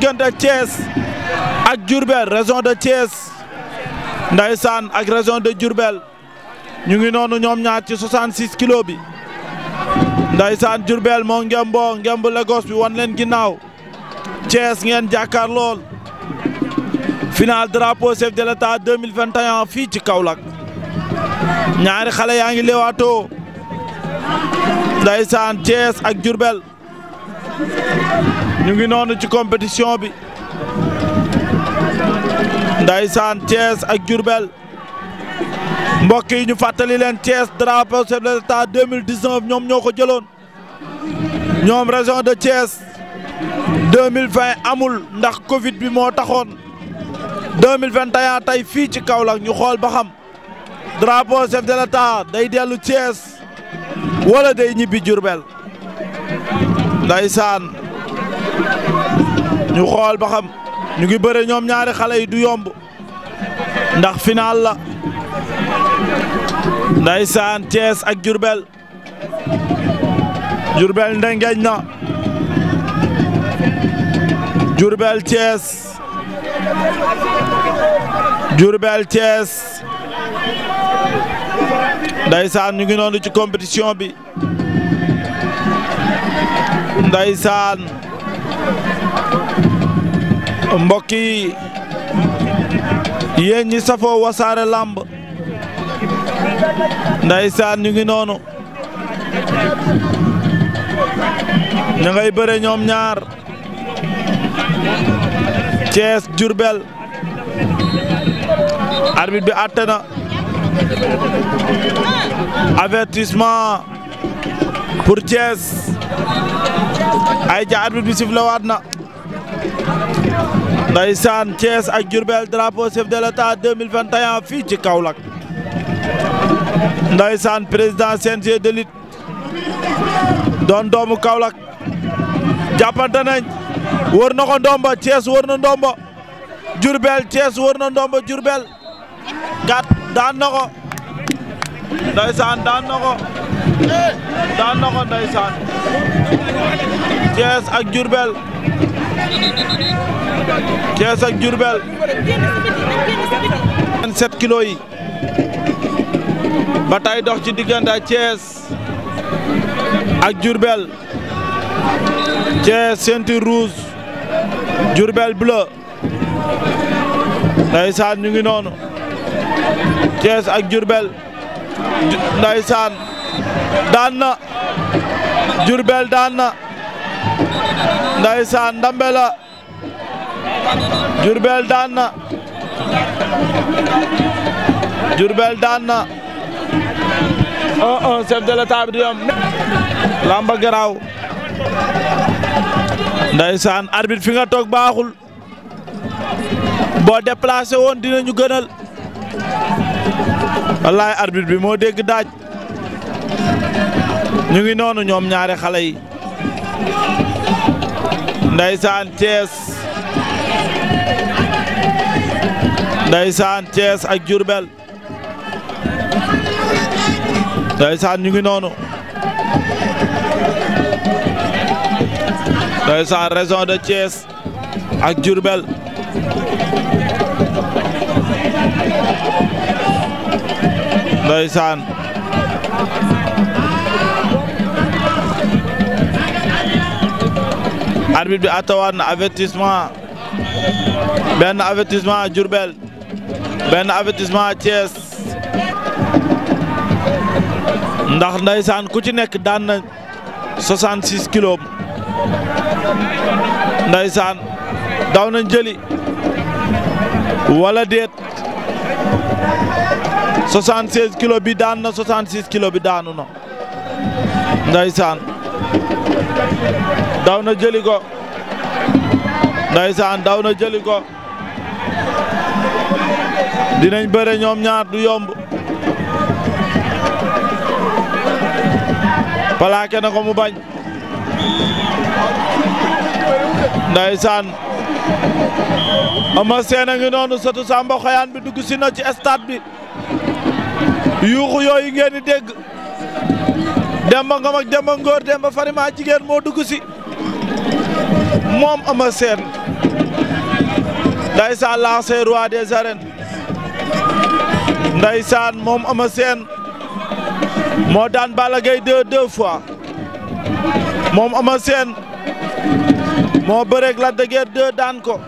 diggante Thiès ak Diourbel région de Thiès ndaysaan ak région de Diourbel ñu ngi noonu ñoom ñaar ci 66 kilos bi ndaysaan Diourbel moo ngemboo ngemb Lagos bi wan leen ginnaaw Thiès ngeen jàkkaar lool final drapeau chef de l'État fii ci Kaolack ñaari xale yaa ngi leewaatoo ndaysaan Thiès ak Diourbel ñu ngi noonu ci compétition bi ndaysaan Thiès ak Diourbel mbokk yi ñu fàttali leen Thiès drapeau chef de l'État 2019 ñoom ñoo ko jëloon ñoom région de Thiès 2020 amul ndax Covid bi moo taxoon 2021 tey fii ci Kaolack ñu xool ba xam drapeau chef de l'État day dellu Thiès wala day ñibbi Diourbel ndaysaan ñu xool baxam xam ñu ngi bëre ñoom ñaari xale yi du yomb ndax final la ndaysaan Thiès ak jurbel Diourbel ndengeñ na Diourbel Thiès Diourbel Thiès ndaysaan ñu ngi noonu ci compétition bi ndaysaan mbokk yi yéen ñi safoo wasaare làmb ndeysaan ñu ngi noonu ña ngay bëre ñoom ñaar Thiès jurbel arbitre bi àtte na avertissement pour Thiès ay ca arbitre bi sifle waat na ndeysaan Thiès ak Diourbel drapeau chef de l'État 2021 fii ci Kaolack ndeysaan président CNG de lutte doon doomu Kaolack jàppante nañ wër na ko ndomba Thiès wër na ndomba Diourbel Thiès wër na ndomba Diourbel daan na Ndeysaan daan na ko daan ak Diourbel Thiès ak Diourbel 27 kilos yi ba dox ci diggante Thiès ak Diourbel Thiès ceinture rouge Diourbel bleu Ndeysaan ñu ngi noonu Thiès ak Diourbel ndaysaan daan na Jurbel daan na ndaysaan ndambe la Jurbel daan na Jurbel de l'état bi di lamba garaaw ndaysaan arbitre fi nga toog baaxul boo déplacé woon dinañu gënal wallaay arbitre bi moo dégg daaj ñu ngi noonu ñoom ñaari xale yi ndaysaan Thiès ndaysaan ak jurbel ndaysaan ñu ngi noonu ndaysaan région de Thiès ak Diourbel ndeysaan arbitre bi atawaan na avertissement benn avertissement Diourbel benn avertissement Thiès ndax ndeysaan ku ci nekk daan na 66 kilos ndeysaan daw nañ jëli wala déet 76 kilo bi daan na 66 kilo bi daanu no ndaysaan daw na jëli ko ndaysaan daw na jëli ko dinañ bëre ñoom ñaar du yomb plaqué ko mu bañ ndaysaan ama seen a ngi noonu satu Samba Xoyaan bi dugg si na ci stade bi yuuxu yooyu ngeen di dégg Demba Ngom ak Demba Ngor Demba Farima jigéen moo dugg si moom Eumeu Sène ndaysaan lancé roi des arènes ndaysaan moom Eumeu Sène moo daan Balla Gaye deux deux fois moom Eumeu Sène moo bëreeg Lac de Guiers daan ko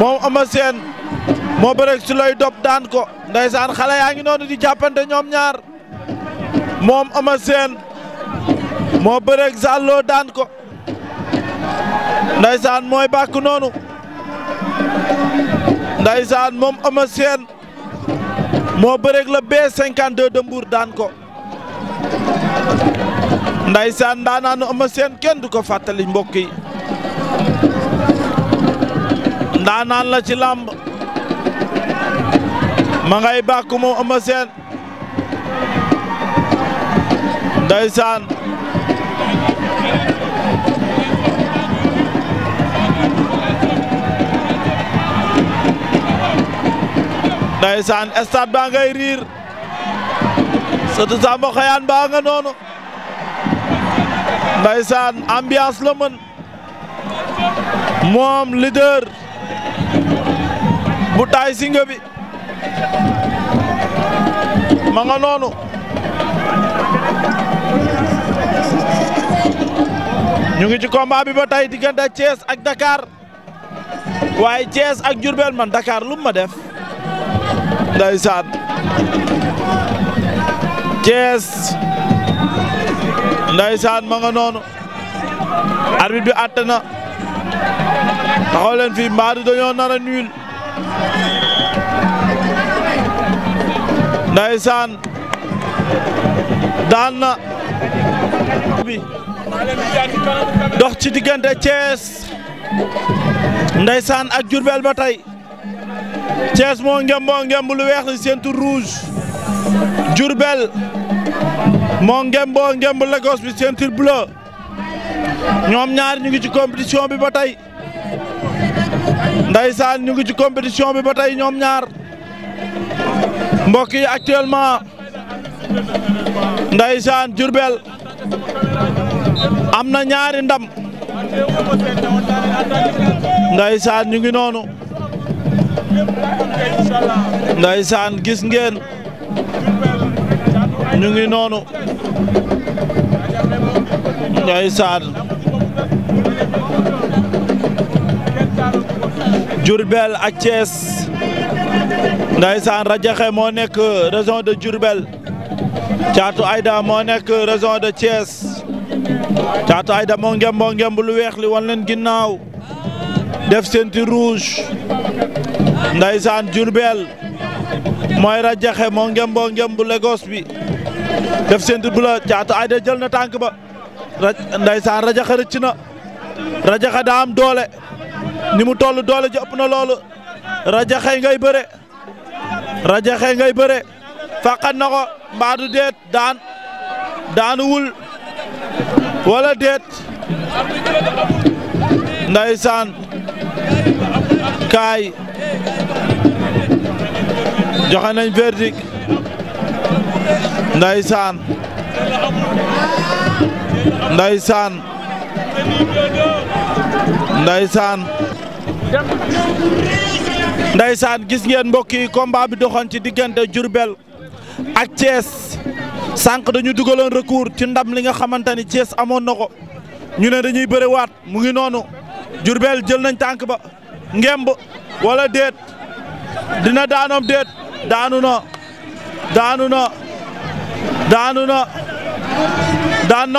moom Eumeu Sène moo bëreeg Souleye Diop daan ko ndeysaan xale yaa ngi noonu di jàppante ñoom moom Eumeu Sène moo bëreeg Zallo daan ko ndeysaan mooy bàkk noonu ndeysaan moom Eumeu Sène moo bëreeg la B52 de Mbour daan ko ndeysaan ndaanaanu Eumeu kenn du ko fàttali mbokk yi la ci làmb ma ngay bàkk moom Eumeu Sène ndeysaan ndeysaan stade baa ngay riir surtout Samba Xayaan baa nga noonu ndeysaan ambiance la mën moom leader bu taay singa bi ma nga noonu ñu ngi ci combat bi ba tey diggante Thiès ak Dakar waaye Thiès ak Diourbel man Dakar lu ma def ndeysaan Thiès ndeysaan ma nga noonu arbitre bi àtte na taxaw leen fii mbaadu dañoo nar a nul ndeysaan daan na bi dox ci diggante Thiès ndeysaan ak Diourbel ba tey Thiès moo ngemboo ngemb lu weex li seen tur rouge moo ngemboo ngemb Lagos bi seen tur bleu ñoom ñaar ñu ngi ci compétition bi ba tey ndeysaan ñu ngi ci bi ba ñoom ñaar mbokk yi actuellement ndeysaan Diourbel am na ñaari ndam ndeysaan ñu ngi noonu ndeysaan gis ngeen ñu ngi noonu ndeysaan Diourbel ak ndaysaan Radiakhé moo nekk région de Diourbel Thiatou Aïda moo nekk région de Thiès Thiatou Aïda moo ngem moo lu weex li wan leen ginnaaw def ceinture rouge ndaysaan Diourbel mooy Radiakhé moo ngem moo ngem bi def ceinture bleue Thiatou Aïda jël na tànk ba ndaysaan Radiakhé rëcc na Radiakhé daa doole ni mu toll doole ji ëpp na loolu rajaxe ngay bëre rajaxe ngay bëre faqat na ko mbaadu deet daan daanuwul wala deet saan kay ndaysaan kaay joxe saan verdict saan ndaysaan saan ndaysaan gis ngeen mbokk yi combat bi doxoon ci diggante Diourbel ak Thiès sànq dañu dugaloon recours ci ndam li nga xamante ni Thiès amoon na ko ñu ne dañuy bëriwaat mu ngi noonu Diourbel jël nañ tànk ba ngemb walla déet dina daanoom déet daanu na daanu na daanu na daan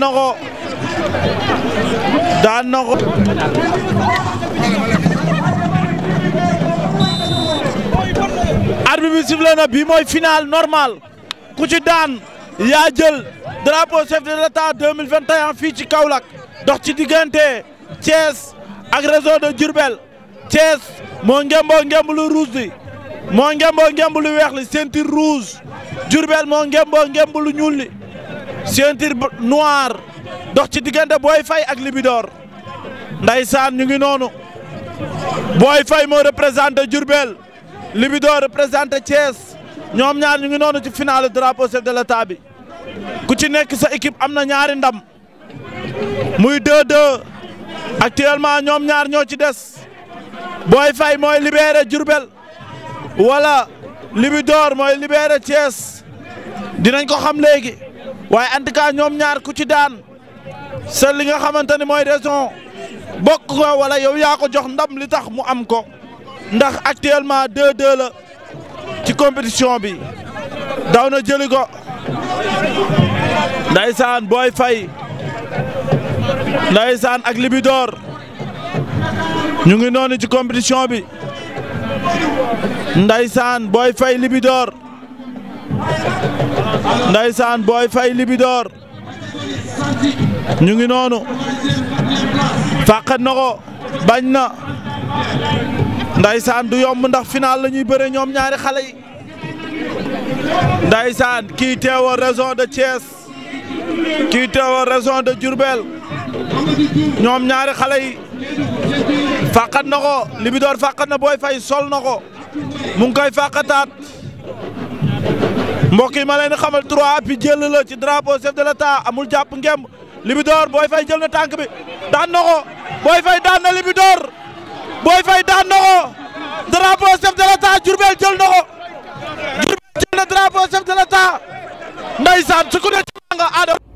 na ko daan arbitre bi sifflé na bii mooy final normal ku ci daan yaa jël drapeau chef de l'État fii ci Kaolack dox ci diggante Thiès ak réseau de Diourbel Thiès moo ngemboo ngemb lu rouge li moo ngemboo ngemb lu weex li ceinture moo ngemboo ngemb lu ñuul li dox ci diggante booy fay ak Libidor ndeysaan ñu ngi noonu Boy Faye moo représenté Diourbel Libidor représenté Thiès ñoom ñaar ñu ngi noonu ci finale drapeau chef de l'État bi ku ci nekk sa équipe am na ñaari ndam muy 2-2 actuellement ñoom ñaar ñoo ci des Boy Faye mooy libéré Diourbel wala Libidor mooy libéré Thiès dinañ ko xam léegi waaye en tout ñoom ñaar ku ci daan sa li nga xamante ne mooy raison bokk ko wala yow yaa ko jox ndam li tax mu am ko. ndax actuellement 2 ci compétition bi daw na jëli ko saan booy fay ndaysaan ak libidoor ñu ngi noonu ci compétition bi ndaysaan booy fay libidoor ndaysaan booy fay libidoor ñu ngi noonu fàqat na bañ na ndaysaan du yomb ndax final la ñuy bëre ñoom ñaari xale yi ndaysaan kii teewal région de Thiès kii teewal région de Diourbel ñoom ñaari xale yi fàqat na ko li bi door fàqat na booy fay sol na ko mu ngi koy fàqataat mbokk ma leen xamal trois appuis jël la ci drapeau chef de l'État amul jàpp ngemb Libidor Boy Faye jël na tànk bi daan na ko Boy Faye na Libidor Boy Faye daan na ko drapeau chef de l'État Diourbel jël na ko Diourbel jël na drapeau chef de l'État ndeysaan su ko ne